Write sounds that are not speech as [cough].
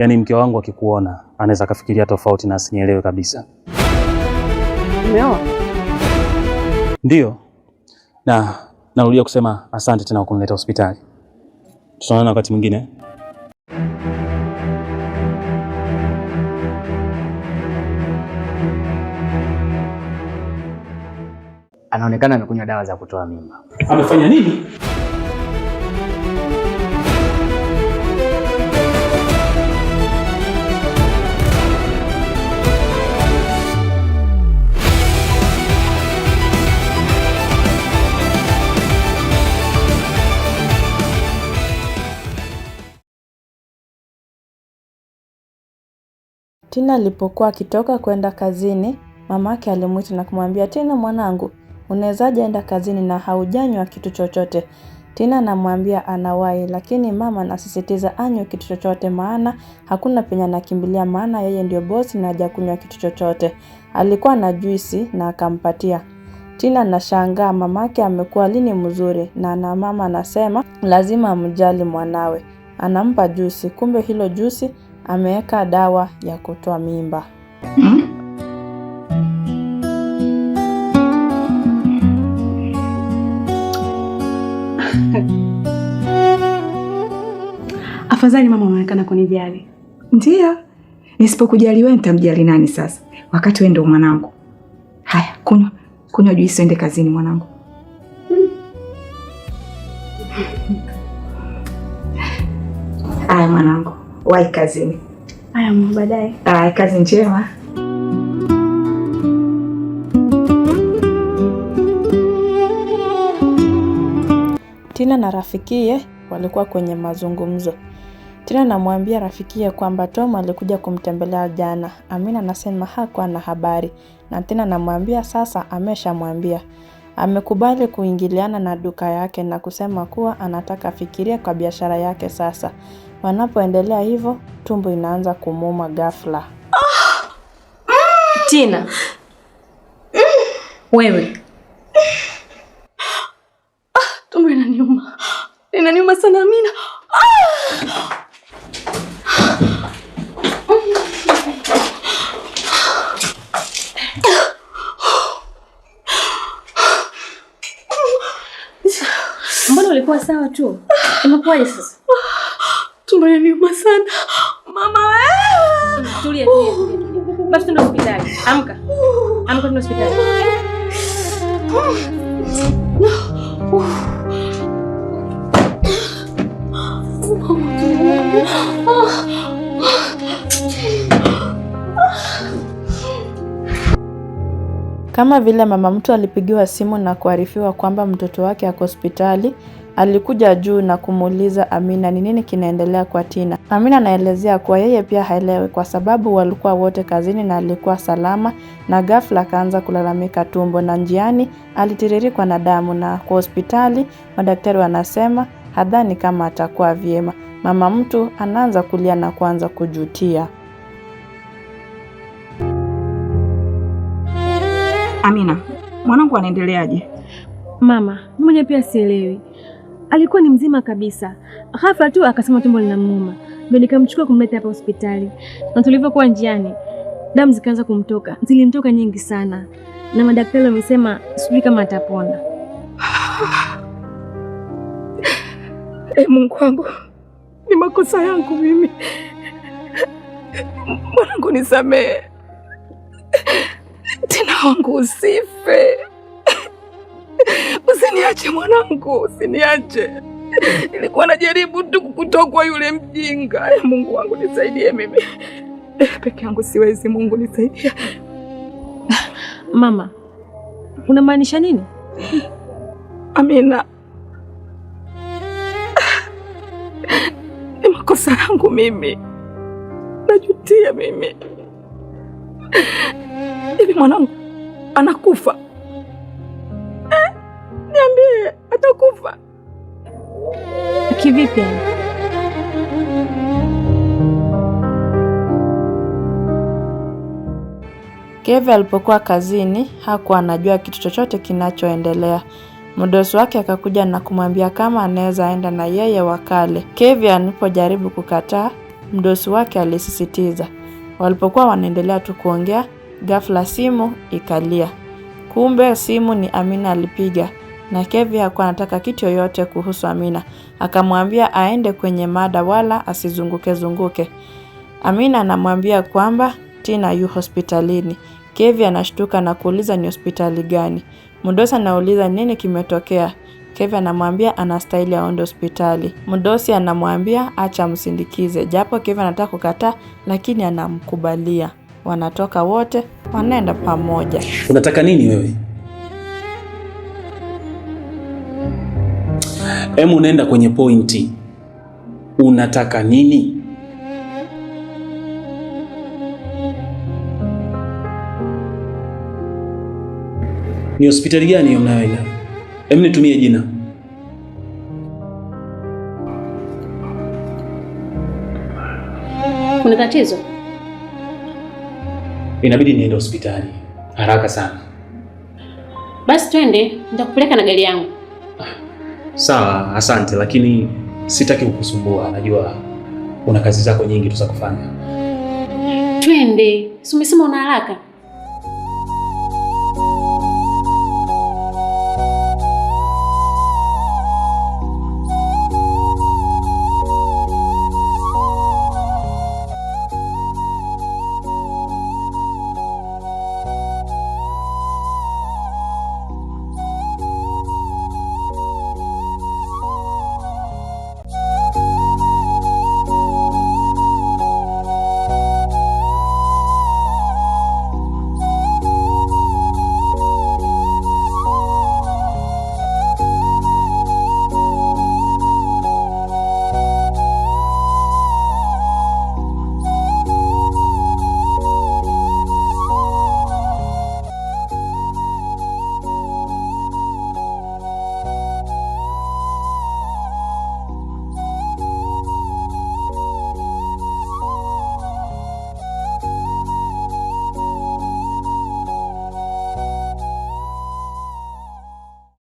Yaani mke wangu akikuona anaweza akafikiria tofauti na asinielewe kabisa. Umeoa? Ndiyo, na narudia kusema asante tena kwa kunileta hospitali. Tutaonana wakati mwingine. Anaonekana amekunywa dawa za kutoa mimba. Amefanya nini? Tina alipokuwa akitoka kwenda kazini, mamake alimwita na kumwambia, Tina mwanangu, unawezaje enda kazini na haujanywa kitu chochote? Tina anamwambia anawahi, lakini mama anasisitiza anywe kitu chochote, maana hakuna penye anakimbilia, maana yeye ndio bosi na hajakunywa kitu chochote. Alikuwa na juisi na akampatia. Tina anashangaa mamake amekuwa lini mzuri na na mama anasema lazima amjali mwanawe. Anampa juisi, kumbe hilo juisi ameweka dawa ya kutoa mimba mm? [laughs] Afadhali mama anaonekana kunijali. Ndio, nisipokujali wewe nitamjali nani sasa, wakati wewe ndio mwanangu? Haya, kunywa kunywa juisi, uende kazini mwanangu. Haya mwanangu wahi kazini. Haya, baadaye. Haya, ah, kazi njema. Tina na rafikiye walikuwa kwenye mazungumzo. Tina namwambia rafikiye kwamba Tom alikuja kumtembelea jana. Amina anasema hakuwa na habari, na Tina namwambia sasa ameshamwambia amekubali kuingiliana na duka yake na kusema kuwa anataka afikirie kwa biashara yake sasa. Wanapoendelea hivyo, tumbo inaanza kumuuma ghafla. Ah! Tina, mm. wewe ah, tumbo inaniuma, inaniuma sana Amina. Ah! Mbona ulikuwa sawa tu? Imekuwaje sasa? tumbo linaniuma sana mama wewe. Eh! Tulia tulia tulia. Basi tuende hospitali. Amka. Amka tuende hospitali. Kama vile mama mtu alipigiwa simu na kuarifiwa kwamba mtoto wake ako hospitali Alikuja juu na kumuuliza Amina ni nini kinaendelea kwa Tina. Amina anaelezea kuwa yeye pia haelewi kwa sababu walikuwa wote kazini na alikuwa salama, na ghafla akaanza kulalamika tumbo, na njiani alitiririkwa na damu, na kwa hospitali madaktari wanasema hadhani kama atakuwa vyema. Mama mtu anaanza kulia na kuanza kujutia. Amina, mwanangu anaendeleaje? Mama, mmoja pia sielewi alikuwa ni mzima kabisa. Ghafla tu akasema tumbo linamuuma, ndio nikamchukua kumleta hapa hospitali, na tulivyokuwa njiani damu zikaanza kumtoka, zilimtoka nyingi sana, na madaktari wamesema sijui kama atapona. Hey, eh, Mungu wangu, ni makosa yangu mimi, mwanangu nisamehe, tena wangu usife Usiniache mwanangu, usiniache. Nilikuwa najaribu tu kukutokwa yule mjinga. Mungu wangu nisaidie, mimi eh, peke yangu siwezi. Mungu nisaidie. Mama, unamaanisha nini? Amina, ni makosa yangu mimi, najutia mimi. Hivi mwanangu anakufa kufa kivipi? Kevi alipokuwa kazini hakuwa anajua kitu chochote kinachoendelea. Mdosi wake akakuja na kumwambia kama anaweza aenda na yeye wakale. Kevi alipojaribu kukataa, mdosi wake alisisitiza. Walipokuwa wanaendelea tu kuongea, ghafla simu ikalia. Kumbe simu ni Amina alipiga na Kevi hakuwa anataka kitu yoyote kuhusu Amina. Akamwambia aende kwenye mada wala asizunguke zunguke. Amina anamwambia kwamba Tina yu hospitalini. Kevi anashtuka na kuuliza ni hospitali gani. Mudosi anauliza nini kimetokea. Kevi anamwambia anastahili aende hospitali. Mudosi anamwambia acha msindikize, japo Kevi anataka kukataa, lakini anamkubalia. Wanatoka wote wanaenda pamoja. Unataka nini wewe? Hebu unaenda kwenye pointi, unataka nini? Ni hospitali gani hiyo mnayoenda? Hebu nitumie jina. Kuna tatizo? Inabidi niende hospitali haraka sana. Basi twende, nitakupeleka na gari yangu. Sawa, asante, lakini sitaki kukusumbua. Najua una kazi zako nyingi tu za kufanya. Twende, si umesema una haraka?